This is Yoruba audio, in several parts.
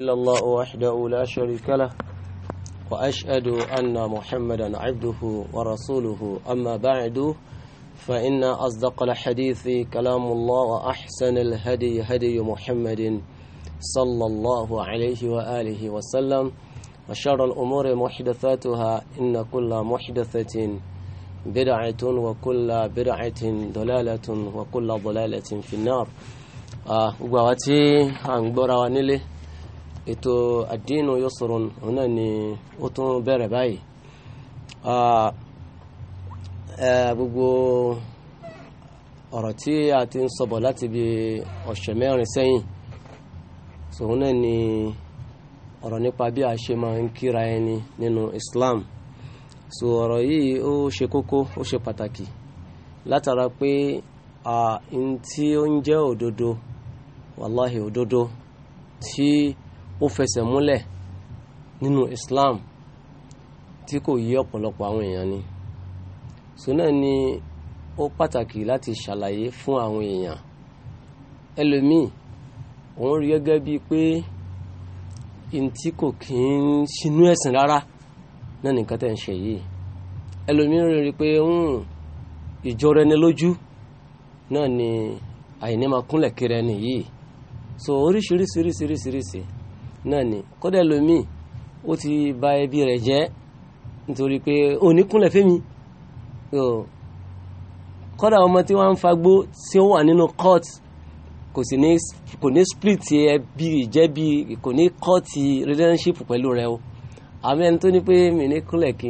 إلا الله وحده لا شريك له وأشهد أن محمدا عبده ورسوله أما بعد فإن أصدق الحديث كلام الله وأحسن الهدي هدي محمد صلى الله عليه وآله وسلم وشر الأمور محدثاتها إن كل محدثة بدعة وكل بدعة ضلالة وكل ضلالة في النار آه ètò àdínú yusrun òun náà ni ó tún bẹ̀rẹ̀ báyìí gbogbo ọ̀rọ̀ tí a ti ń sọ̀bọ̀ láti bí ọ̀sẹ̀ mẹ́rin sẹ́yìn sòun náà ni ọ̀rọ̀ nípa bí a ṣe máa ń kíra ẹni nínú Islam so ọ̀rọ̀ yìí ó ṣe kókó ó ṣe pàtàkì látara pé n tí ó ń jẹ́ òdodo wàláhì òdodo tí. Si, ó fẹsẹ̀ múlẹ̀ nínú Islam tí kò yí ọ̀pọ̀lọpọ̀ àwọn èèyàn ni so náà ni ó pàtàkì láti ṣàlàyé fún àwọn èèyàn ẹlòmíì òun rí gẹ́gẹ́ bíi pé ntí kò kí ń sinú ẹ̀sìn rárá náà nìkan tẹ̀ ń ṣe yìí ẹlòmíì rí rí pé ìjọra ẹni lójú náà ni àìní kúnlẹ̀ kiri ẹni yìí so oríṣiríṣiríṣiríṣiríṣi náà ni kódà lómìn ó ti bà ẹbí rẹ̀ jẹ́ nítorí pé òní kúnlẹ̀ fẹ́mi kódà ọmọ tí wọ́n ń fagbó tí ó wà nínú court kò sì ní kò ní split ẹbí ìjẹ́bí kò ní court relationship pẹ̀lú rẹ o àmì ẹni tó ní pé mi ní kúnlẹ̀ kí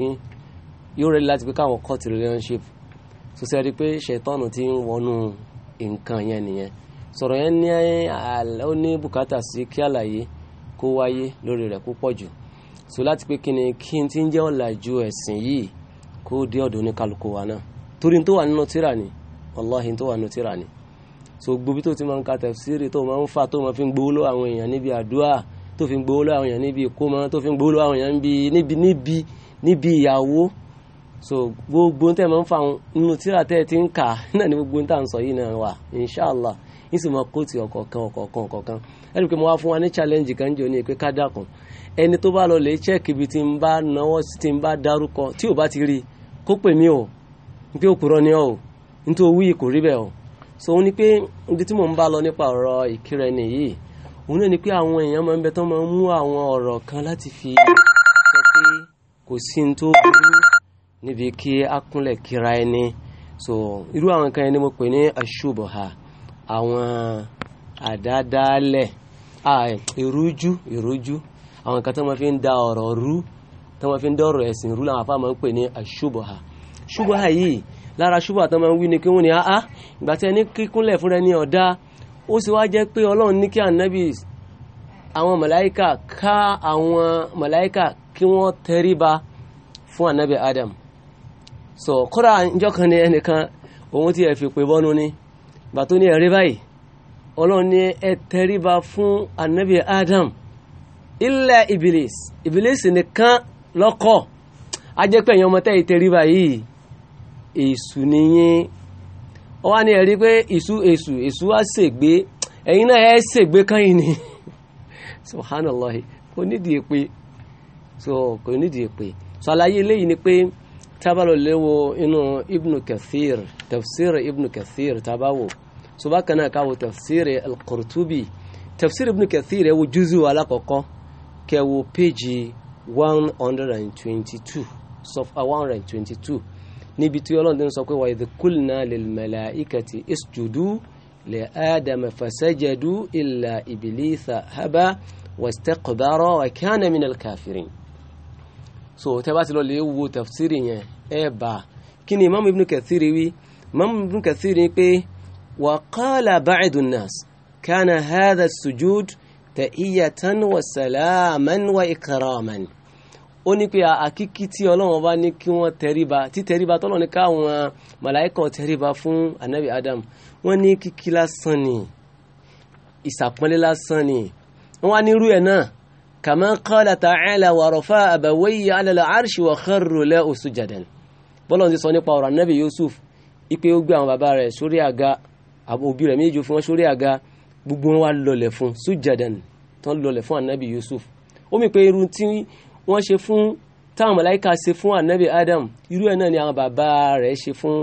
yóò rẹ láti pé káwọn court relationship tó ṣe rí i pé ṣètọ́nù ti ń wọnú nǹkan yẹn nìyẹn sọ̀rọ̀ yẹn ní ó ní bùkátà sí kí àlàyé kó wáyé lórí rẹ̀ púpọ̀ jù so láti pé kí ni kí n ti ń jẹ́ ọ̀làjú ẹ̀sìn yìí kó dé ọ̀dọ̀ oníkálukú wa náà torí tó wà nínú tíra ni wàláhì tó wà nínú tíra ni so gbobi tó ti máa ń ka tẹ̀síìrì tó máa ń fa tó máa fi ń gbowó lọ àwọn èèyàn níbi àdúrà tó fi ń gbowó lọ àwọn èèyàn níbi ìkómọ tó fi ń gbowó lọ àwọn èèyàn níbi níbi níbi ìyàwó so gbogbo tẹ́ máa ń fa nínú tíra tẹ́ ti ń kà náà ni gbogbo tá à ń sọ yìí náà wà inshàlá ń sì máa kóòtù ọ̀kọ̀ọ̀kan ọ̀kọ̀ọ̀kan ọ̀kọ̀ọ̀kan ẹni pé mo wá fún wa ní challenge kan jò ní pé ká dákun ẹni tó bá lọ lè check ibi tí ń bá náwó tí ń bá dárúkọ tí ò bá ti rí kó pè mí o pé òpùrọ́ ni ọ o nítorí owó yìí kò rí bẹ́ẹ̀ o so ní pé ibi tí mò ń bá lọ nípa ọ̀rọ̀ ìkírẹ nìyí òun náà ni pé àwọn èèyàn máa ń bẹ tó máa ń mú kan láti fi sọ pé kò sí ní tó burú níbi so irú àwọn kan ẹni mo pè ní àwọn àdádálẹ̀ ìrújú ìrújú àwọn nǹkan tó máa fi ń da ọ̀rọ̀ rú tó máa fi ń dọ̀rọ̀ ẹ̀sìn rú làwọn afá máa ń pè ní àṣùbọ̀hà ṣùbọ̀hà yìí lára ṣùbọ̀hà tó máa ń wí ni kí wọ́n ní áá ìgbà tí ẹni kíkúnlẹ̀ fúnra ẹni ọ̀dá ó sì wá jẹ́ pé ọlọ́run ní kí ànábì àwọn màláíkà ká àwọn màláíkà kí wọ́n tẹríba fún ànábì Adam so kódà ìjọ kan ní ẹnìkan òun ti ẹ̀ fi pè bọ́nu ni gbà tó ní ẹ̀rí báyìí ọlọ́run ní ẹ tẹríba fún anabi adam illa ibilis ibilis nìkan lọ́kọ̀ ajẹ́pẹ̀ yẹn ọmọ tẹ́ ẹ tẹríba yìí èṣù nìyẹn ó wá ní ẹ̀rí pé èṣù èṣù èṣù wá ṣègbé ẹ̀yin náà ẹ ṣègbé kányìn ni subhanallah kò nídìí èpè so kò nídìí èpè so àlàyé eléyìí ni pé tábàlọ́ léwo inú ibnu kathir tafsir ibn kathir ta bá wò so bákan náà ká wo tafsir al-qurtubi tafsir ibn kathir ẹ wo júzù alákọ̀ọ́kọ́ kẹ wo péjì one hundred and twenty-two sọfà one hundred and twenty-two níbi tí ọlọ́run ti ń sọ pé wa idh qulna lil malaikati isjudu li adama fasajadu illa iblisa haba wastakbara wa kana minal kafirin so tẹ́ bá ti lọ lè wo tafsir yẹn ẹ bá kí imam ibn kathir wí. Imam Ibn Kathir ní pé wa qala ba'du nnas kana hadha sujud tahiyatan wa salaman wa ikraman ó ní pé àkíkí tí ọlọ́run bá ní kí wọ́n tẹríba tí tẹríba tọ́lọ́ ní káwọn màláìkà tẹríba fún anabi adam wọ́n ní kíkí lásán ni ìsàpọ́nlé lásán ni wọ́n wá nírú ẹ̀ náà kama qala ta'ala wa rafa'a abawayhi 'ala al wa kharru lahu sujadan bọ́lọ̀ ti sọ nípa ọ̀rọ̀ anabi yusuf ipe ó gbé àwọn bàbá rẹ̀ sórí àga òbí rẹ̀ méjì fún wọn sórí àga gbogbo wọn wá lọlẹ̀ fún sujadan tán lọlẹ̀ fún anabi yusuf ó mi pé irun tí wọ́n ṣe fún táwọn mọ̀láìka ṣe fún anabi adam irú ẹ̀ náà ni àwọn bàbá rẹ̀ ṣe fún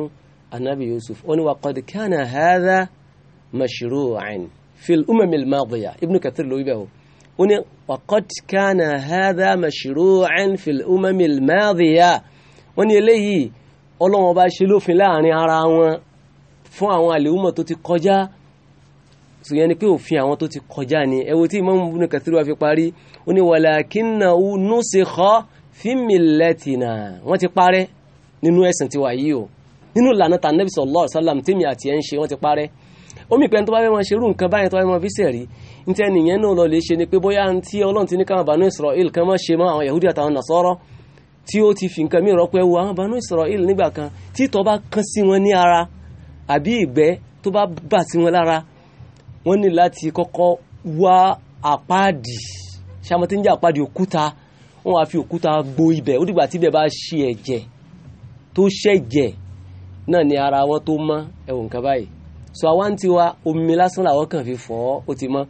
anabi yusuf ó ní wa qad kana hadha mashru'an fil umamil madiya ibnu kathir ló bẹ́ẹ̀ o ó ní wa qad kana hadha mashru'an fil umamil madiya wọ́n ní eléyìí ọlọ́wọ́n bá ṣe lófin láàrin ara wọn fún àwọn àlèwúmọ̀ tó ti kọjá ṣùgbọ́n ni pé òfin àwọn tó ti kọjá ni ẹ wo tí Imam Ibn Kathir wá fi parí ó ní walakinnahu nusikha fi millatina wọ́n ti parẹ́ nínú ẹ̀sìn tiwa yìí o nínú ìlànà tà Nabi sallallahu alaihi wasallam tèmi àti ẹ̀ ń ṣe wọ́n ti parẹ́ omi ìpẹ́ni tó bá fẹ́ máa ṣe irú nǹkan báyẹn tó bá fẹ́ fi sẹ̀rí ní nìyẹn náà lọ lè ṣe ni pé bóyá tí Ọlọ́run ti ní káwọn Banu Israel kan máa ṣe mọ́ àwọn Yahudi àtàwọn Nasara tí ó ti fi nǹkan mí rọpẹ́ wo àwọn Banu Israel nígbà kan tí tọ́ bá kán sí wọn ní ara àbí ìgbẹ́ tó bá bà sí wọn lára wọ́n ní láti kọ́kọ́ wá àpáàdì sàmọ́tí ń jẹ́ àpáàdì òkúta wọ́n wá fi òkúta gbo ibẹ̀ ó dìgbà tí ibẹ̀ bá ṣe ẹ̀jẹ̀ tó ṣẹ̀jẹ̀ náà ni ara wọn tó mọ́ ẹ̀wọ̀n nǹkan báyìí so àwa ń tiwa omi lásán làwọn kàn fi fọ́ ó ti mọ́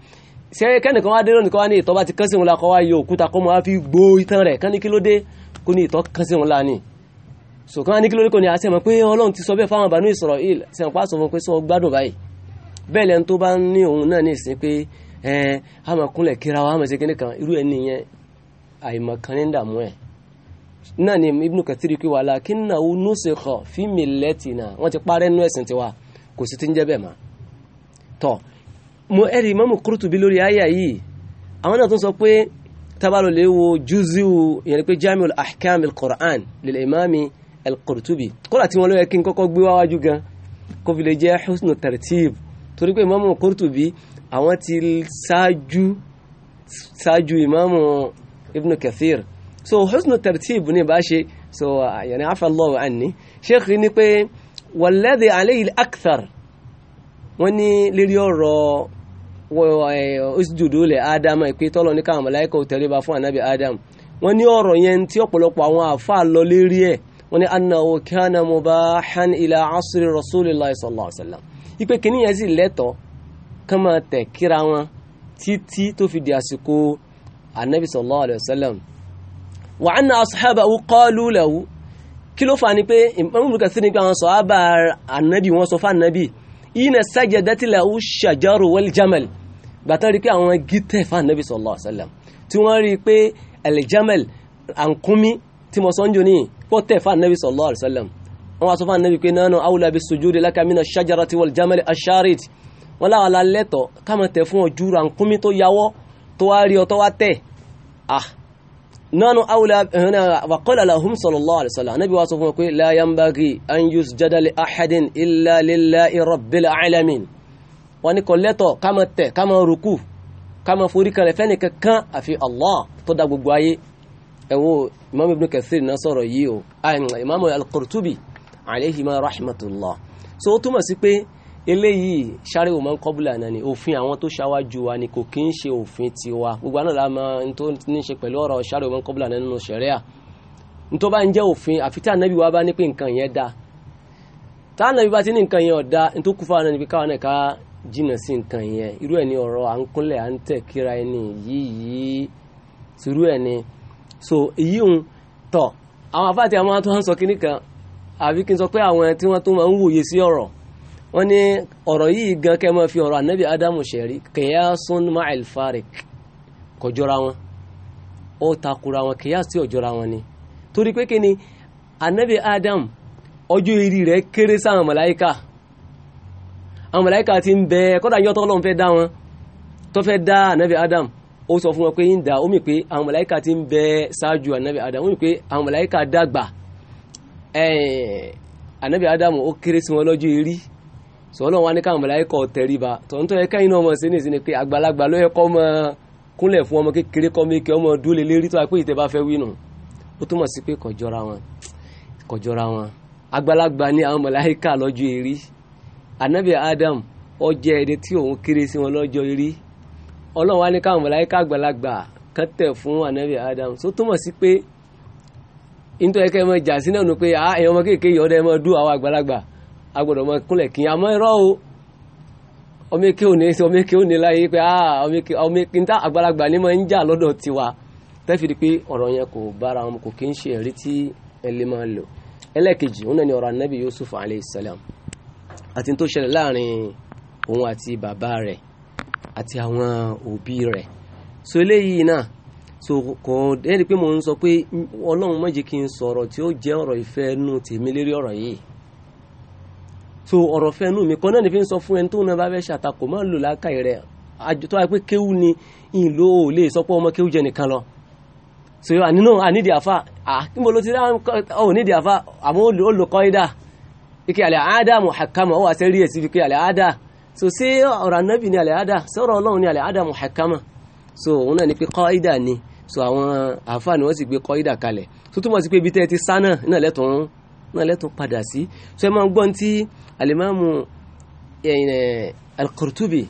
ṣé kẹ́nìkan wá dé lónìí kan wá ní ìtọ́ bá ti kán wọn la wá yọ òkúta kọ́ mọ́ wá fi gbo itan rẹ̀ kán ló dé kó ní ìtọ́ kan sí wọn lánìí sòkàn á ní kí lórí kò ní àṣẹ mọ̀ pé ọlọ́run ti sọ bẹ́ẹ̀ fáwọn Banu Israel sẹ̀wọ̀n pa sọ fún pé sọ gbádùn báyìí bẹ́ẹ̀ lẹ́nu tó bá ń ní òun náà ní ìsìn pé ẹ á kúnlẹ̀ kíra wa á ṣe kíní kan irú ẹni yẹn àìmọ̀kan ní dààmú ẹ̀ náà ni Ibn Kathir pé wàhálà kí nà ó nusikha fi millatina wọ́n ti parẹ́ nú ẹ̀sìn tiwa kò sì ti ń jẹ́ bẹ́ẹ̀ mọ́ tọ́ mo ẹ̀rí Imam Qurtubi lórí àyà yìí àwọn náà tún sọ pé tábàlù lè wo júzíù yẹn pé jamiul ahkam al-Qur'an lil imami al-Qurtubi kódà tí wọn ló yẹ kí n kọ́kọ́ gbé wáwájú gan kó fi lè jẹ́ husnu tartib torí pé imamu qurtubi àwọn ti ṣáájú ṣáájú imamu ibn Kathir so husnu tartib ní bá ṣe so yẹn afa Allahu anni sheikh ni pé walladhi alayhi al-akthar wọ́n ní lérí osjudu lẹ̀ ádámà ìpè tọ́lọ̀ ní káwọn màláíkà ó tẹríba fún ànábì ádámù wọ́n ní ọ̀rọ̀ yẹn tí ọ̀pọ̀lọpọ̀ àwọn àfáà lọ lérí ẹ̀ wọ́n ní annahu kana mubahan ila asri rasulillahi sallallahu alaihi wasallam ìpè kìíní yẹn sì lẹ́tọ̀ọ́ kán máa kíra wọn títí tó fi di àsìkò ànábì sallallahu alaihi wasallam wa anna ashabahu qalu lahu kí ló fà ní pé ìmọ̀mùlùkà sí ni pé àwọn sọ̀hábà ànábì wọn sọ fún ànábì ina sajadati lahu shajaru wal jamal gbàtán rí pé àwọn gítẹ̀ fún anabi sallallahu alaihi wasallam tí wọ́n rí pé aljamal àǹkúmí tí mo sọ́njú ní pọ́tẹ̀ fún anabi sallallahu alaihi wasallam wọ́n wá sọ fún anabi pé nánú awla bis sujudi laka mina shajarati wal jamal asharit wọ́n láwọn alálẹ́tọ̀ kámọ̀tẹ̀ fún ọjúra àǹkúmí tó yawọ́ tó wá rí ọ tó wá tẹ̀ ah nanu awla hana wa qala lahum sallallahu alaihi wasallam nabi wasu kuma kai la yanbaghi an yusjada li ahadin illa lillahi rabbil alamin wani kolleto kama te kama ruku kama forí kan fẹ́ni kankan àfi Allah tó dá gbogbo ayé ewo imam ibn kathir na sọ̀rọ̀ yìí o imam al-qurtubi alayhi ma rahmatullah so ó túmọ̀ sí pé eléyìí sáré wò máa ń kọ́bùlà náà ni òfin àwọn tó ṣáwájú wa ni kò kí ń ṣe òfin tiwa gbogbo àná làá máa ń tó ní ṣe pẹ̀lú ọ̀rọ̀ sáré wò máa ń kọ́bùlà náà nínú ṣẹ̀ríà nítorí bá ń jẹ́ òfin àfi tí ànábì wa bá ní pé nǹkan yẹn da tá ànábì bá ti ní nǹkan yẹn ọ̀dà nítorí kúfà náà ni pé káwọn náà ká jìnnà sí nǹkan yẹn irú ẹ̀ ní ọ̀rọ̀ à ń kúnlẹ̀ à ń tẹ̀ kíra ẹni yìí irú ẹ̀ so èyí ń tọ̀ àwọn afáàtì àwọn tó ń sọ kíní kan àbí kí n sọ pé àwọn tí wọ́n tó máa ń wòye sí ọ̀rọ̀ wọ́n ní ọ̀rọ̀ yìí gan kẹ́ máa fi ọ̀rọ̀ anabi adamu ṣẹ̀rí kìyàsún ma'al farik kò jọra wọn ó takura wọn kìyàsí ò jọra wọn ni torí pé kí ni anabi adam ọjọ́ eré rẹ̀ kéré sáwọn màláíkà àwọn màláíkà ti ń bẹ kọ́dà yọ́tọ́ ọlọ́run fẹ́ dá wọn tó fẹ́ dá anabi adam ó sọ fún wọn pé ń dà ó mì pé àwọn màláíkà ti ń bẹ ṣáájú anabi adam ó mì pé àwọn màláíkà dàgbà anabi adam ó kéré sí wọn lọ́jọ́ eré sọlọ wa ní káwọn mọlẹ́kọ̀ tẹríba tọ̀ntọ̀ yẹ kẹ́yìn náà mọ̀ sí ní ìsinmi pé àgbàlagbà ló yẹ kọ́ mọ kúnlẹ̀ fún ọmọ kékeré kọ́ mi kí ọmọ dúlé lérí tó wá pé ìtẹ́bá fẹ́ wí ó túmọ̀ sí pé kọjọra wọn kọjọra wọn àgbàlagbà ní àwọn mọlẹ́kà lọ́jọ́ eré anabi adam ó jẹ́ ẹni tí òun kéré sí wọn lọ́jọ́ eré ọlọ́run wa ní káwọn mọlẹ́kà àgbàlagbà kan fún anabi adam tó túmọ̀ sí pé nítorí kẹ́ ẹ mọ jà sí náà nù pé ah, ẹ̀yàn agbọ́dọ̀ mọ kúnlẹ̀ kí àmọ́ irọ́ o ọmọ èké òní ṣe ọmọ èké òní láyé pé ọmọ èké níta àgbàlagbà ni máa ń jà lọ́dọ̀ tiwa tẹ́fìdí pé ọ̀rọ̀ yẹn kò bára wọn kò kí ń ṣe ẹ̀rí tí ẹlẹ́ máa lò ẹlẹ́ẹ̀kejì òun náà ni ọ̀rọ̀ anábì Yusuf alayhi salam àti tó ṣẹlẹ̀ láàrin òun àti bàbá rẹ̀ àti àwọn òbí rẹ̀ so eléyìí náà so kò ẹni pé mo ń sọ pé ọlọ́run má kí n sọ̀rọ̀ tí ó jẹ́ ọ̀rọ̀ ìfẹ́ nù tèmi lérí ọ̀rọ̀ yìí so ọ̀rọ̀ fẹ́nu mi kan náà ní fi ń sọ fún ẹni tó náà bá fẹ́ ṣàtakò máa ń lò lákàyè rẹ̀ àjò tó wáyé pé kéwù ni ìlú ò lè sọ pé ọmọ kéwù jẹ nìkan lọ so ànínú ànídìí àfa àkínbó ló ti rí àwọn onídìí àfa àmọ́ olùkọ́ ìdá ike àlẹ́ àádá muhakama ó wà sẹ́ rí èsì ike àlẹ́ àádá so ṣé ọ̀rọ̀ anábì ni àlẹ́ àádá sọ̀rọ̀ ọlọ́run ni àlẹ́ àádá muhakama so òun náà ni pé kọ́ ìdá ni so àwọn àfa ni wọ́n sì gbé kọ́ ìdá kalẹ̀ so túmọ̀ sí pé ibi tẹ́ ti sá náà náà lẹ́tọ̀ọ́ náà lẹ́tún padà sí so ẹ máa ń gbọ́n tí alimami al-Qurtubi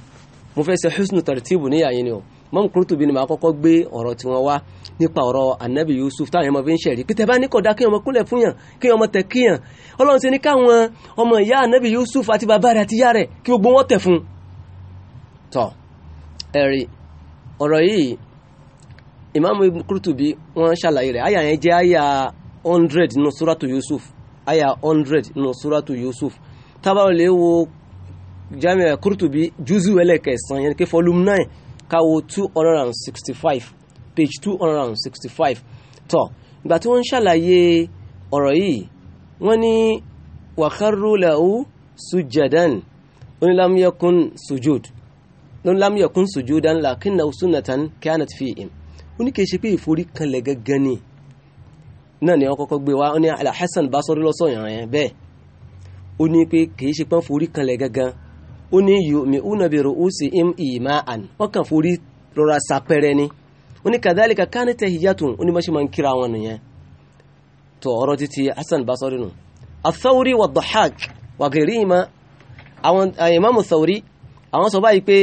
mo fẹ́ ṣe husnu tartibu níyà yẹn ni o mọ́mù Qurtubi ni màá kọ́kọ́ gbé ọ̀rọ̀ tí wọ́n wá nípa ọ̀rọ̀ anabi Yusuf táwọn ọmọ fi ń ṣẹ̀rí pété bá ní kọ̀dá kí ọmọ kúnlẹ̀ fún yàn kí ọmọ tẹ̀ kí yàn ọlọ́run ṣe ní káwọn ọmọ ìyá anabi Yusuf àti bàbá rẹ̀ àti ìyá rẹ̀ kí gbogbo wọn tẹ̀ fún. tọ́ ẹ̀rí ọ̀rọ̀ yìí ìmáàmù Qurtubi wọ́n ṣàlàyé rẹ̀ àyà yẹn jẹ́ àyà 100 nínú suratu Yusuf aya 100 nínú suratu Yusuf tábàrò lè wo jamiu Qurtubi juzu ẹlẹ́kẹsàn yẹn ké volume 9 káwo 265 page 265 tọ́ ìgbà tí wọ́n ń ṣàlàyé ọ̀rọ̀ yìí wọ́n ní wàkàrú lẹ́hu sujadan onílàmúyẹ̀kún sujud onílàmúyẹ̀kún sujudan lakinna sunatan kanat fi im ó ní kì í pé ìforí kanlẹ̀ gẹ́gẹ́ ni náà ni wọ́n kọ́kọ́ gbé wa ó ní alhassan basori lọ́sọ̀yàn yẹn bẹ́ẹ̀ ó ní pé kìí ṣe pọ́n forí kanlẹ̀ gangan ó ní yu'mi'una bi ru'usihim ima'an wọ́n kàn forí rọra sapẹ́rẹ́ ni ó ní kadhalika kanat tahiyyatuhum ó ní má ṣe máa ń kíra wọn nìyẹn tó ọ̀rọ̀ títí hassan basori nù athawri wa dhahak wa ghayrihima àwọn eh, imamu thawri àwọn sọ báyìí pé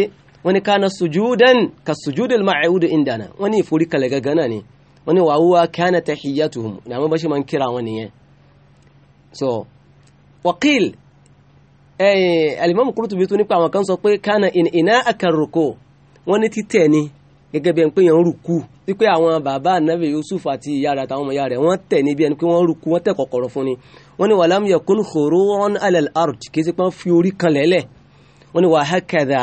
wọ́n ní kana sujudan ka sujudil ma'ud indana wọ́n ní ìforí kanlẹ̀ gangan náà ni wọ́n ní wà wúwa kánà tahiyyatuhum ní àwọn bá ṣe máa ń kíra wọn nìyẹn so waqil alimami Qurtubi tó nípa àwọn kan sọ pé kánà iná akaroko wọ́n ní títẹ̀ ni gẹ́gẹ́ bí ẹni pé yẹn ń rùkú wípé àwọn bàbá anabi Yusuf àti ìyá rẹ̀ àtàwọn ọmọ ìyá rẹ̀ wọ́n tẹ̀ níbi ẹni pé wọ́n rùkú wọ́n tẹ̀ kọ̀kọ̀rọ̀ ni wọ́n ní wàlámù yẹ kún horo on ard kì í ṣe fi orí kan lẹ́lẹ̀ wọ́n ní wàhá kẹdà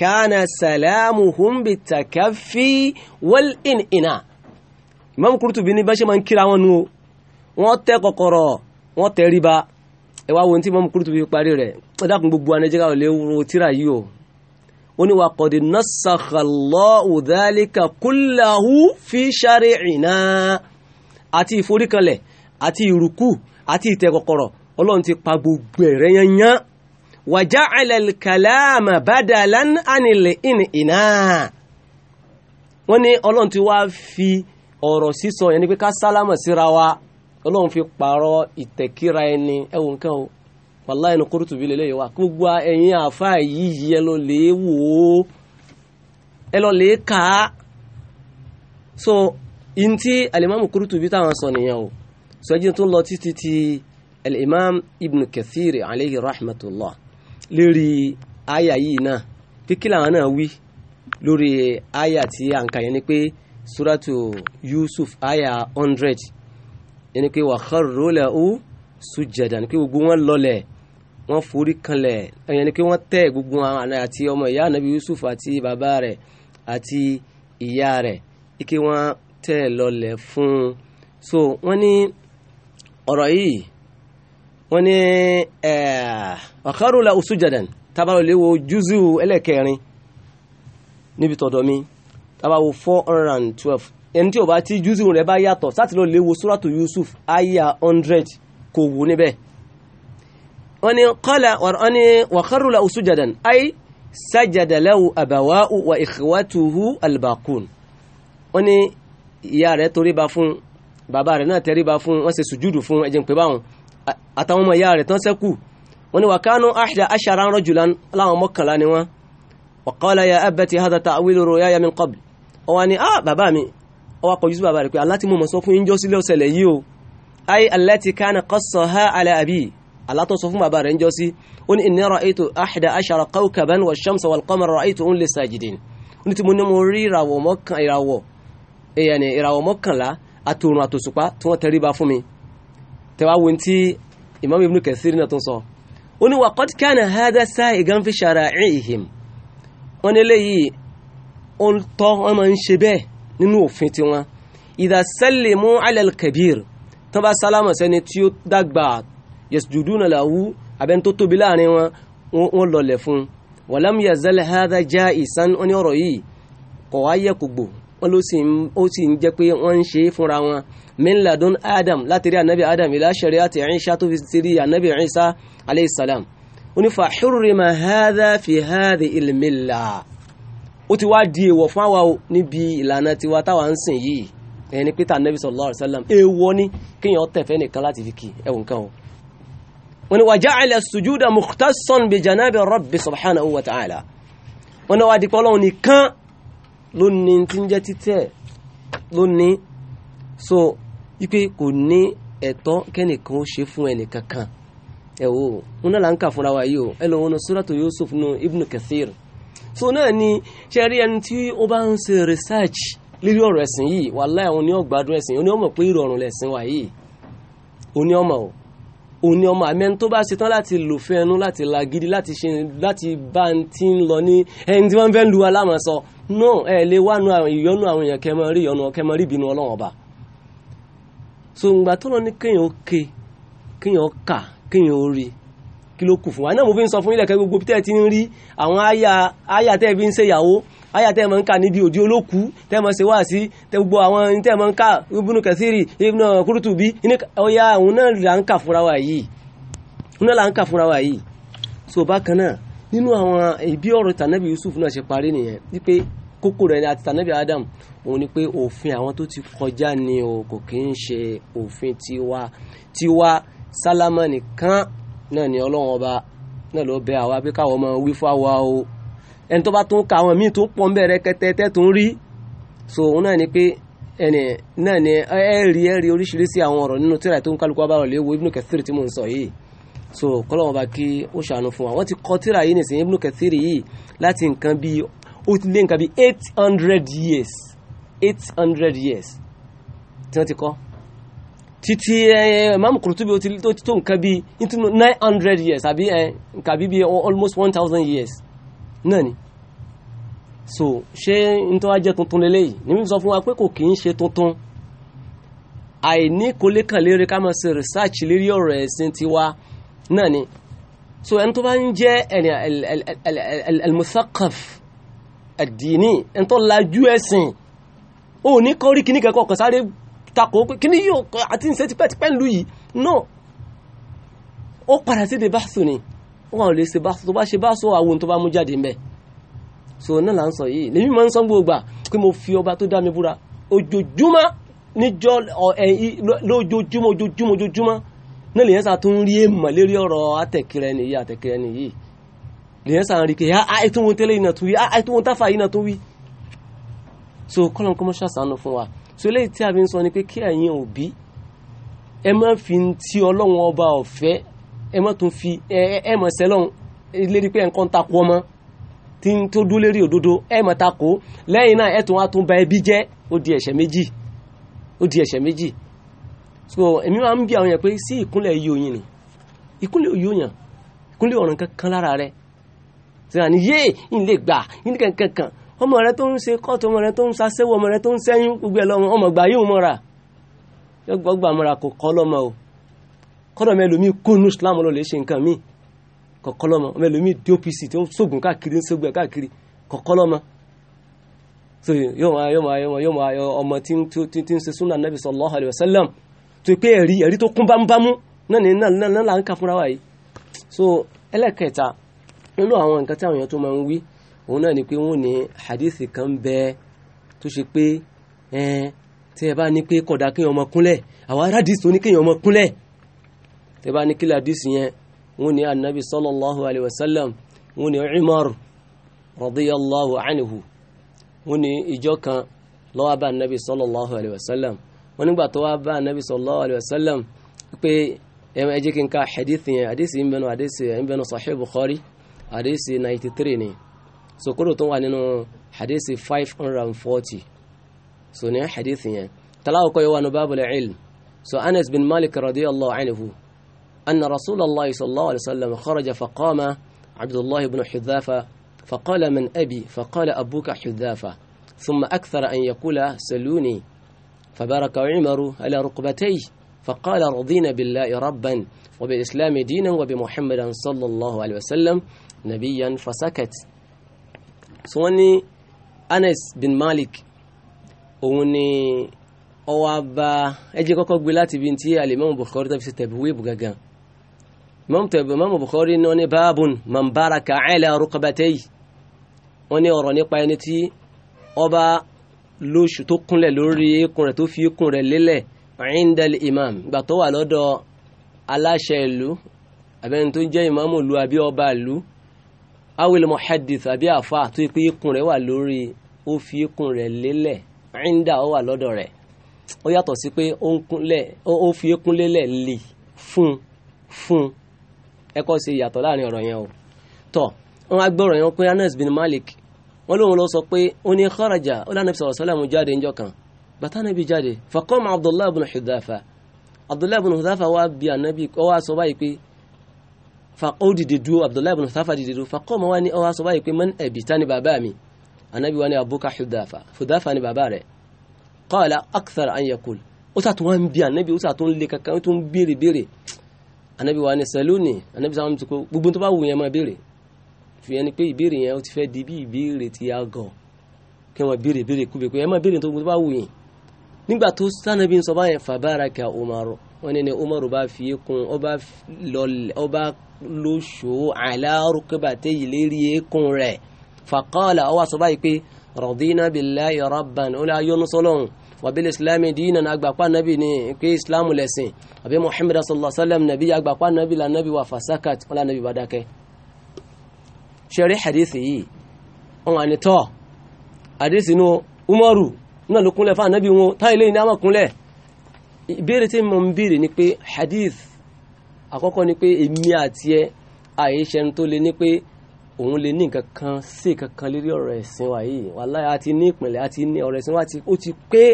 kánà sàlámù hùmbìtàkàfí in iná Imam Qurtubi ní bá ṣe máa ń kíra wọn nu o wọ́n tẹ́ kọ̀kọ̀rọ̀ wọ́n tẹ́ rí ba ẹ wá wo ní tí Imam Qurtubi parí rẹ̀ ẹ dákun gbogbo anẹ́jẹ́ká ò lè wo tíra yìí o ó ní wa qad nassakha Allahu dhalika kullahu fi shari'ina àti ìforíkanlẹ̀ àti ìrùkù àti ìtẹ̀kọ̀kọ̀rọ̀ ọlọ́run ti pa gbogbo ẹ̀rẹ́ yanyan wa ja'ala al-kalama badalan anil wọ́n ní ọlọ́run ti wá fi ọ̀rọ̀ sísọ yẹn ni pé ká sálámà síra wa ọlọ́run fi pààrọ̀ ìtẹ̀kíra ẹni ẹ̀wò nǹkan o wàláhì ní Qurtubi lélẹ́yìí wa gbogbo ẹ̀yin àáfàá yìí yìí ẹ lọ lè wò ó ẹ lọ lè kà á so ntí alimami Qurtubi táwọn sọ nìyẹn o sọjí tó lọ títí ti alimami Ibn Kathir alayhi rahmatullah lórí àyà yìí náà kíkìlà wọn náà wí lórí àyà tí à ń kà yẹn ni pé suratu yusuf aya hundred yẹni pé wa kharru lahu sujjadan ni pé gbogbo wọn lọlẹ̀ wọn forí kanlẹ̀ yẹni pé wọn tẹ̀ gbogbo àna àti ọmọ ìyá anabi yusuf àti bàbá rẹ̀ àti ìyá rẹ̀ ike wọn tẹ̀ lọlẹ̀ fún un so wọn ní ọ̀rọ̀ yìí wọn ní wa kharru lahu sujjadan tábàlù léwo júzù ẹlẹ́kẹrin níbi tọ̀dọ̀ mi tàbá wo four hundred and twelve ẹni tí o bá ti júùsù rẹ̀ bá yàtọ̀ sáti lọ léwo suratu Yusuf aya hundred kò wò níbẹ̀ wọ́n ní qala wọ́n ní wa kharru lahu sujadan ay sajada lahu abawahu wa ikhwatuhu albaqun wọ́n ní ìyá rẹ̀ toríba fún bàbá rẹ̀ náà tẹríba fún wọ́n ṣe sùjúdù fún ẹ̀jẹ̀ ń báwọn àtàwọn ọmọ ìyá rẹ̀ tán sẹ́kù wọ́n ní wa kanu ahda ashara rajulan láwọn mọ́kànlá ni wọ́n wa qala ya abati hadha ta'wilu ru'yaya min qabl ọwá ni ah bàbá mi ọwá kọjú sí bàbá rẹ̀ pé aláti mọ̀ sọ fún ìjọ sílẹ̀ ọ̀sẹ̀lẹ̀ yìí o ayé aláti kánà kọ́sọ̀ ha alẹ́ àbí alátọ̀ sọ fún bàbá rẹ̀ ń jọ sí ó ní inni ra'aytu ahda ashara kawkaban wa shamsa wal qamara ra'aytuhum li sajidin ó ní tí mo ní mo rí ìràwọ̀ mọ́kànlá àtòrùn àtòṣùpá tí wọ́n tẹríba fún mi tẹwàá wo tí Imam Ibn Kathir náà tó sọ ó ní wa qad kana hadha sa'igan fi wọ́n ní eléyìí ó ń tọ́ wọ́n máa ń ṣe bẹ́ẹ̀ nínú òfin tiwọn ìdá sẹ́lẹ̀mú alẹ́lkẹ̀bìr tán bá sálámà sẹ́ni tí ó dàgbà yẹ̀sùdùdù náà làwú abẹ́ni tó tóbi láàrin wọn wọ́n lọlẹ̀ fún un wàlámù yàzẹ́lẹ̀ hádà já ìsán oní ọ̀rọ̀ yìí kọ̀ wá yẹ kò gbò wọ́n ló sì ń jẹ́ pé wọ́n ń ṣe é fúnra wọn min ladun adam láti rí anabi adam ilá ṣẹ̀rí àti Ìsá tó fi ti rí anabi Ìsá aleyhisalaam onífà hurrima hádà fi hádà ilmìlá ó ti wá di èèwọ̀ fún àwa o níbi ìlànà tiwa táwa ń sìn yìí ẹni peter nabi sallallahu alayhi wa sallam èèwọ̀ ni kéèyàn tẹ̀fẹ́ nìkan láti fi kì ẹ̀wọ̀n nǹkan o. wọ́n ní wa ja'ala as-sujuda mukhtassan bi janabi rabbi subhanahu wa ta'ala wọ́n ní wàá di pọ́lọ́wọ́n nìkan ló ní ń jẹ́ títẹ̀ ló so ipe kò ní ẹ̀tọ́ kẹ́nìkan ó ṣe fún ẹnìkankan ẹ̀ wò wọn náà là ń kà fúnra wa yìí o ẹ lọ wọn ní suratu Yusuf nù Ibn Kathir so náà ni ṣe rí ẹni tí ó bá ń ṣe research lórí ọ̀rọ̀ ẹ̀sìn yìí wàláhì òun ni ó gbádùn ẹ̀sìn òun ni ó mọ̀ pé ìrọ̀rùn lẹ̀sìn wà yìí òun ni ó mọ̀ o òun ni ọmọ àmẹ́ni tó bá ṣetán láti lò fẹ́ ẹnu láti lagidi láti ṣe láti bá ń tí ń lọ ní ẹni tí wọ́n fẹ́ lu aláàmọ̀ sọ no ẹ lè wá nu ìyọnu àwọn èèyàn kẹmọ rí ìyọnu kẹmọ rí ìbínú ọlọ́run ọba so ìgbà tó lọ ní kéèyàn ó ke kéèyàn ó kà kéèyàn ó rí kí ló kù fún wa náà mo fi ń sọ fún ilẹ̀ kẹ́ gbogbo tẹ́ ti ń rí àwọn àyà tẹ́ fi ń ṣe ìyàwó àyà tẹ́ mọ̀ ń kà níbi òdi olóku tẹ́ mọ̀ ṣe wá sí tẹ́ gbogbo àwọn tẹ́ mọ̀ ń kà Ibnu Kathiri Ibnu Qurtubi ọ̀yà òun náà là ń kà fúnra wa yìí òun náà là ń kà fúnra wa yìí so bákan náà nínú àwọn ìbí ọ̀rọ̀ tànàbí Yusuf náà ṣe parí nìyẹn wípé kókó rẹ̀ àti tànàbí Adam òun ni pé òfin àwọn tó ti kọjá ni o kò kí ń ṣe òfin tiwa tiwa sálámà nìkan náà ni ọlọ́run ọba náà ló bẹ àwa pé káwọn ọmọ wí fún àwa o ẹni tó bá tún ka àwọn míì tó pọ̀ nbẹ̀rẹ̀ kẹtẹ́tẹ́ tó ń rí so òun náà ni pé ẹni náà ni ẹ rí ẹ rí oríṣiríṣi àwọn ọ̀rọ̀ nínú tíra tó ń kálukú abáwọ̀ lé wo Ibn tí mò ń sọ yìí so kọ́lọ́run ọba kí ó ṣàánú fún wa wọ́n ti kọ tíra yìí nìsín Ibn Kathir yìí láti nǹkan bíi ó ti lé nǹkan bíi eight hundred years eight hundred years tí wọ́n ti kọ́ títí Imam Qurtubi ó ti tó nǹkan bí nítorí nine hundred years àbí nǹkan bí bi almost one thousand years náà ni so ṣé n tó wá jẹ́ tuntun lélẹ́yìí ní mímú sọ fún wa pé kò kì í ṣe tuntun àìní kólékànlére ká máa ṣe research lérí ọ̀rọ̀ ẹ̀sìn tiwa náà ni so ẹni tó bá ń jẹ́ al-muthaqaf ad-dini ẹni tó lajú ẹ̀sìn ó ní kọ́rí kìíní kẹ́kọ̀ọ́ kan sáré takò pé kí ni yóò àti ń ṣe tipẹ́tipẹ́ ń lu yìí náà ó padà sí de báṣọ ni wọn ò lè ṣe báṣọ tó bá ṣe báṣọ àwọn tó bá mú jáde ńbẹ so náà là ń sọ yìí lèmi máa ń sán gbogbo gbà pé mo fi ọba tó dá mi búra ojoojúmọ́ níjọ́ e, lójoojúmọ́ ojoojúmọ́ ojoojúmọ́ náà lèyẹn sá tó ń rí èèmọ̀ lérí ọ̀rọ̀ àtẹ̀kẹrẹ nìyí àtẹ̀kẹrẹ nìyí lèyẹn sá ń rí kí ẹ á ètò wọn tẹ́lẹ̀ yìí náà tó wí á ètò wọn táfà yìí náà tó wí so kọ́lọ́n kọ́mọ́ṣà sànú fún wa so eléyìí tí a fi ń sọ ni pé kí ẹ̀yin òbí ẹ má fi ń tí ọlọ́run ọba ọ̀fẹ́ ẹ má tún fi ẹ má sẹ́lọ́run lérí pé nǹkan takò ọmọ tí ń tó dúró lérí òdodo ẹ má takò lẹ́yìn náà ẹ tún wá tún ba ẹbí jẹ́ ó di ẹ̀ṣẹ̀ méjì ó di ẹ̀ṣẹ̀ méjì so èmi máa ń bí àwọn yẹn pé sí ìkúnlẹ̀ yìí ni ìkúnlẹ̀ òyìn ìkúnlẹ̀ ọ̀ràn kankan lára rẹ̀ tí wọ́n á ní yé gbà yín kankan kan ọmọ rẹ tó ń ṣe kọ́tù ọmọ rẹ tó ń ṣaṣẹ́wó ọmọ rẹ tó ń ṣẹ́yún gbogbo ẹ̀ lọ́mọ ọmọ gbà yóò mọ́ra yọgbọ́gbà mọ́ra kò kọ́ lọ́mọ o kọ́dọ̀ mẹ́lòmí kúnú Islam ló lè ṣe nǹkan míì kọ̀kọ́ lọ́mọ mẹ́lòmí dopc tó ń ṣògùn káàkiri ń ṣògùn káàkiri kọ̀kọ́ lọ́mọ so yọmọ yọmọ yọmọ yọmọ ọmọ tí ń sallallahu wasallam tó pé ẹ̀rí ẹ̀rí tó kún bámúbámú náà ni náà so ẹlẹ́kẹta nínú àwọn nǹkan tí òun náà ni pé wọ́n ní hadithi kan bẹ́ẹ̀ tó ṣe pé ẹn tí ẹ bá ní pé kọ̀dá kéèyàn ọmọ kúnlẹ̀ àwọn aráàdìsí tó ní kéèyàn ọmọ kúnlẹ̀ tí ẹ bá ní kílà dísì yẹn wọ́n ní anabi sallallahu alayhi wa sallam wọ́n ní Umar radiyallahu anhu wọ́n ní ìjọ kan lọ́wọ́ bá anabi sallallahu alayhi wa sallam wọ́n nígbà tó wá bá anabi sallallahu alayhi wa sallam pé ẹ jẹ́ kí n ka hadith yẹn hadith yẹn ń bẹnu sahih Bukhari hadith ninety ni. so kódò tó wà nínú hadisi five hundred and forty so ní hadisi yẹn talaako kọ́ yẹwà ní babul ilm so anas bin malik radiyallahu anhu anna rasulallah sallallahu alayhi wa sallam kharaja faqama abdullahi bin xudhafa faqala man abi faqala abuka xudhafa ثم أكثر أن يقول سلوني فبارك عمر على ركبتيه فقال رضينا بالله ربا wa دينا وبمحمد صلى الله عليه وسلم نبيا فسكت so wọ́n ní Anas bin Malik òun ni ọwọ́ abá ẹjẹ́ kọ́kọ́ gbé láti ibi tí alimami Bukhari tó fi ṣe tẹ̀bíwéèbù gangan imam Bukhari ní wọ́n ní báàbùn man baraka ala rukbatayhi wọ́n ní ọ̀rọ̀ nípa ẹni tí ọba lóṣù tó kúnlẹ̀ lórí ikùn rẹ̀ tó fi ikùn rẹ̀ lélẹ̀ indal imam ìgbà tó wà lọ́dọ̀ aláṣẹ ìlú àbẹ́ni tó jẹ́ ìmáàmù ìlú àbí ọba ìlú awil muhaddith àbí àfa tó yẹ pé ikùn rẹ̀ wà lórí ó fi ikùn rẹ̀ lélẹ̀ ríńdà ó wà lọ́dọ̀ rẹ̀ ó yàtọ̀ sí pé ó fi ikùn lélẹ̀ lì fún fún ẹ kọ́ sí ìyàtọ̀ láàrin ọ̀rọ̀ yẹn o tọ̀ wọn á gbọ́rọ̀ yẹn pé Anas bin Malik wọn lóun lọ sọ pé ó ní kharaja ó lánàá bisọ̀ sálàmù jáde ńjọ kan bàtà nàbí jáde faqama Abdullahi bin Hudhafa Abdullahi bin Hudhafa wá bí anabi ó wá báyìí pé ó dìde dúró abdullahi ibn Hudhafa dìde dúró faqama wá ní ọwọ́ aṣọ báyìí pé man ẹ̀bìtá ni bàbá mi anabi wa ni abuka Hudhafa Hudhafa ni bàbá rẹ̀ qala akthar an yaqul ó sà tún wá ń bí anabi ó sà tún lé kankan ó tún béèrè béèrè anabi wa ni saluni anabi sáwọn tó kó gbogbo tó bá wù yẹn máa béèrè fìyẹn ni pé ìbéèrè yẹn ó ti fẹ́ di bí ìbéèrè ti yá gàn kí wọ́n béèrè béèrè kúbe kó yẹn yẹn nígbà lóṣù aláàrúkẹ́bàtẹ́ yìí lérí eékún rẹ̀ faqala ó wá sọ báyìí pé radina billahi rabban ó lè ayọ́nu sọ́lọ́hún wàbílẹ̀ islámi dínà agbàpá nàbì ní pé islámù lẹ̀sìn àbí muhammad sallallahu alayhi wa sallam nàbí agbàpá nàbì là nàbì wà fasakat wọn là nàbì bá dákẹ́. ṣeré hadith yìí wọn àni tọ́ hadith inú umaru náà ló kúnlẹ̀ fún anabi wọn táyìlẹ́yìn ní àmọ́ ìbéèrè tí mo ń béèrè ni pé hadith àkọ́kọ́ ni pé èmi àti ẹ àyíṣẹ́ ẹni tó lé ní pé òun lè ní nǹkan kan sí nǹkan kan lérí ọ̀rọ̀ ẹ̀sìn wa yìí wàláhì àti ní ìpìnlẹ̀ àti ní ọ̀rọ̀ ẹ̀sìn wa ó ti pé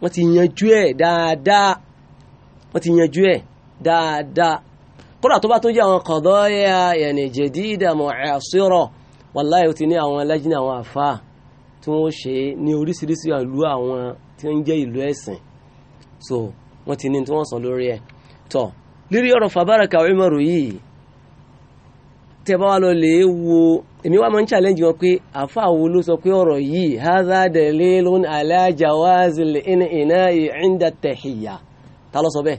wọ́n ti yanjú ẹ̀ dáadáa wọ́n ti yanjú ẹ̀ dáadáa kódà tó bá tó jẹ́ àwọn kọ̀dọ́ yẹn jẹ̀dí ìdààmú àṣírọ̀ wàláhì ó ti ní àwọn ẹlẹ́jìn àwọn àfa tí wọ́n ṣe ní oríṣiríṣi ìlú àwọn tí wọ́n ń jẹ́ ìlú ẹ̀sìn so wọ́n ti ní tí wọ́n sọ lórí ẹ̀ tọ́ lérí ọ̀rọ̀ fàbáraka Umaru yìí tẹ bá wà lọ lè wo èmi wà máa ń challenge wọn pé àfa wo ló sọ pé ọ̀rọ̀ yìí hadha dalilun ala jawazil in'i inda tahiyya ta ló sọ bẹ́ẹ̀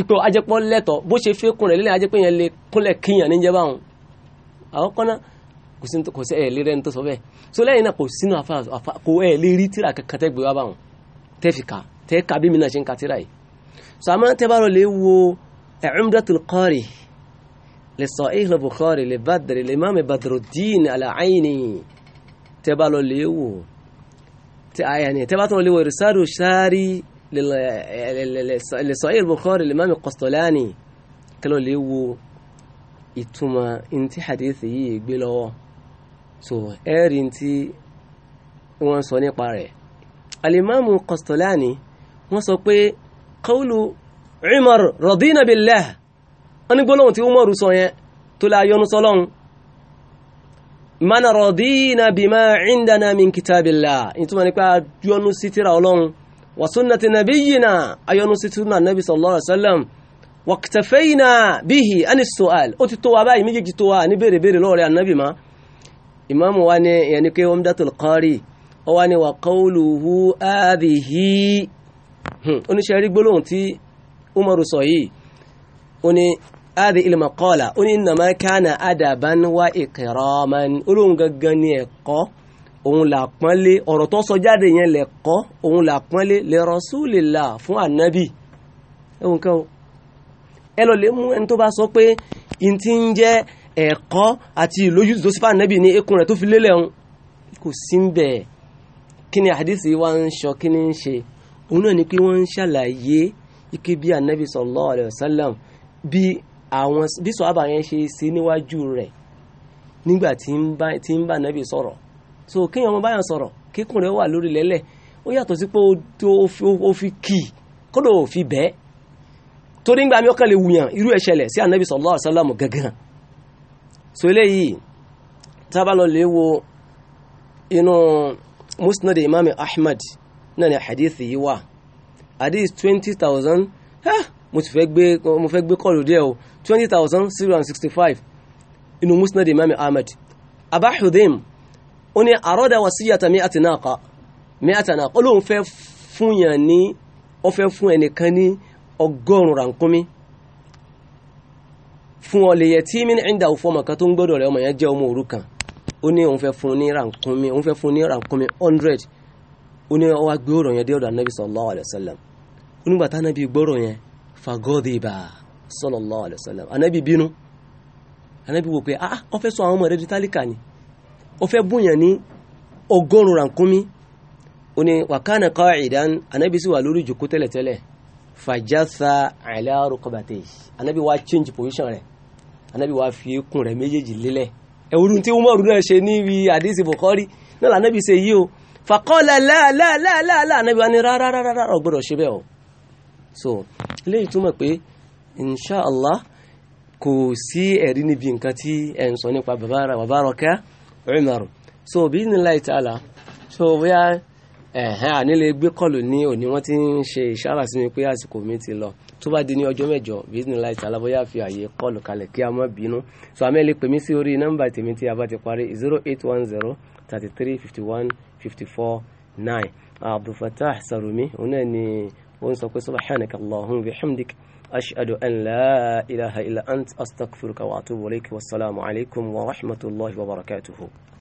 ipò ajẹpọ̀ lẹ́tọ̀ bó ṣe fẹ́ kúnlẹ̀ lẹ́yìn ajẹpọ̀ yẹn lè kúnlẹ̀ kíyàn níjẹ́ báwọn àwọn kọ́nà kò sí ẹ̀ lé rẹ́ni tó sọ bẹ́ẹ̀ so lẹ́yìn náà kò sínú àfa kò ẹ̀ lè rí tíra kankan tẹ́ gbé wá báwọn tẹ́ fi kà tẹ́ ka bí mi náà ṣe ń ka tíra yìí so àmọ́ tẹ́ bá lọ lè wo eh, Umdatul Qari li Sahih al-Bukhari li Badr li Imam Badruddin al-Aini tẹ́ bá lọ lè wo tẹ́ ah, bá tọ́ lọ lè wo Irsadu Sari eh, li Sahih al-Bukhari li Imam Qastolani kẹ́ lọ lè wo ìtumọ̀ ntí hadithi yìí gbé so ẹ̀rí ntí wọ́n sọ nípa rẹ̀ alimamu Qastolani wọ́n sọ pé qawlu Umar radina billah wọ́n ní gbólóhùn tí Umar sọ yẹn tó la yọ́nú sọ́lọ́hun man radina bima indana min kitabillah ìtumọ̀ nípa yọ́nú sí tírà Ọlọ́hun wa sunnati nabiyyina ayọ́nú sí tírà nabi sallallahu alaihi wasallam واكتفينا به عن السؤال اوتتوا باي ميجي جتوا ني بيري بيري لوري النبي ما امام واني يعني كي عمدة القاري واني وقوله هذه oníṣẹ́ hmm. rí gbólóhùn tí umaru sọ yìí ó ní adi ilma qala ó ní innama kana adaban wa ikraman olóhùn gangan ni ẹ̀kọ́ òun là pọ́nlé ọ̀rọ̀ tó sọ jáde yẹn lẹ̀kọ́ òun là pọ́nlé li rasulillah fún ànábì ẹ̀wọ̀n kan ẹ lọ lè mú ẹni tó bá sọ pé n ti ń jẹ́ ẹ̀kọ́ àti ìlójú tó sí fànábì ní ekun rẹ̀ tó fi lélẹ̀ ọ̀hún kò sí ń bẹ̀ kí ni àdìsí wa ń sọ kí ni ń ṣe òun náà ni pé wọ́n ń ṣàlàyé ike bí anabi sallallahu alayhi wa sallam bí àwọn bí sọ́ọ́bà yẹn ṣe ṣe níwájú rẹ̀ nígbà tí ń bá anabi sọ̀rọ̀ so kéèyàn ọmọ báyọ̀ sọ̀rọ̀ kíkùn rẹ̀ wà lórí lẹ́lẹ̀ ó yàtọ̀ sí pé ó fi kì í kódò ó fi bẹ́ẹ̀ torí ń gba mi ọkàn lè wùyàn irú ẹ̀ ṣẹlẹ̀ sí anabi sallallahu alayhi wa sallam gangan so eléyìí tábàlọ́ lè wo inú musnad imam ahmad náà ni hadith yìí wà hadith twenty thousand mo ti fẹ́ gbé mo fẹ́ gbé kọ́ọ̀lù díẹ̀ o twenty thousand six hundred and sixty five inú musnad imam ahmed abba hudhaim ó ní àròdà wasiyata mi'ati naqa mi'ati naqa ó lóun fẹ́ fún yàn ní ó fẹ́ fún ẹnìkan ní ọgọ́rùn-ún rànkúnmí fún ọ lè yẹ tí mi ń dà fún ọmọ kan tó ń gbọ́dọ̀ rẹ̀ ọmọ yẹn jẹ́ ọmọ òrukàn ó ní òun fẹ́ fún ní rànkúnmí òun fẹ́ fún ní rànkúnmí hundred ó ní ó wá gbé yẹn dé ọ̀dọ̀ anabi sallallahu alayhi wa sallam ó nígbà tá anabi gbọ́rọ̀ yẹn fagọ́dìbà sallallahu alayhi wa sallam anabi bínú anabi wò pé ah, ah ó fẹ́ sọ àwọn ọmọ rẹ̀ di tálíkà ni ó fẹ́ bùnyàn ní ọgọ́rùn rankumi ó ní wàkánà qa'idan anabi sì wà lórí ìjòkó tẹ́lẹ̀tẹ́lẹ̀ fàjásá ala rukbatayhi anabi wá change position rẹ̀ anabi wá fi ikùn rẹ̀ méjèèjì lélẹ̀ ẹ̀wùrún tí umaru náà ṣe níbi àdìsí bukhari náà lànàbì ṣe yí o fàkọ́lẹ̀ lẹ́ẹ̀lẹ́ẹ̀lẹ́ẹ̀lẹ́ ànábì wa ni rárárárá ọgbọ́dọ̀ ṣe bẹ́ẹ̀ o so léyìí túmọ̀ pé inṣàlá kò sí ẹ̀rí níbi nǹkan tí ẹ̀ ń sọ nípa bàbá rọ̀kẹ́ Umar so bí ní láì so bóyá ẹ̀hẹ́n ànílé gbé kọlù ní òní wọ́n ti ń ṣe ìṣára sí mi pé àsìkò mi ti lọ tó bá di ní ọjọ́ mẹ́jọ bí ní láì bóyá fi àyè kọlù kalẹ̀ kí a má bínú so àmẹ́lẹ́ pèmí sí orí nọ́mbà tèmi tí a bá ti parí zero eight one zero thirty three fifty one fifty four nine ah, abdulfatah sarumi òun náà ni ó ń sọ pé subhanaka allahumma bihamdik ashhadu an la ilaha illa ant astaghfiruka wa atubu ilayk wasalaamu alaykum wa rahmatulahi wa barakatuhu.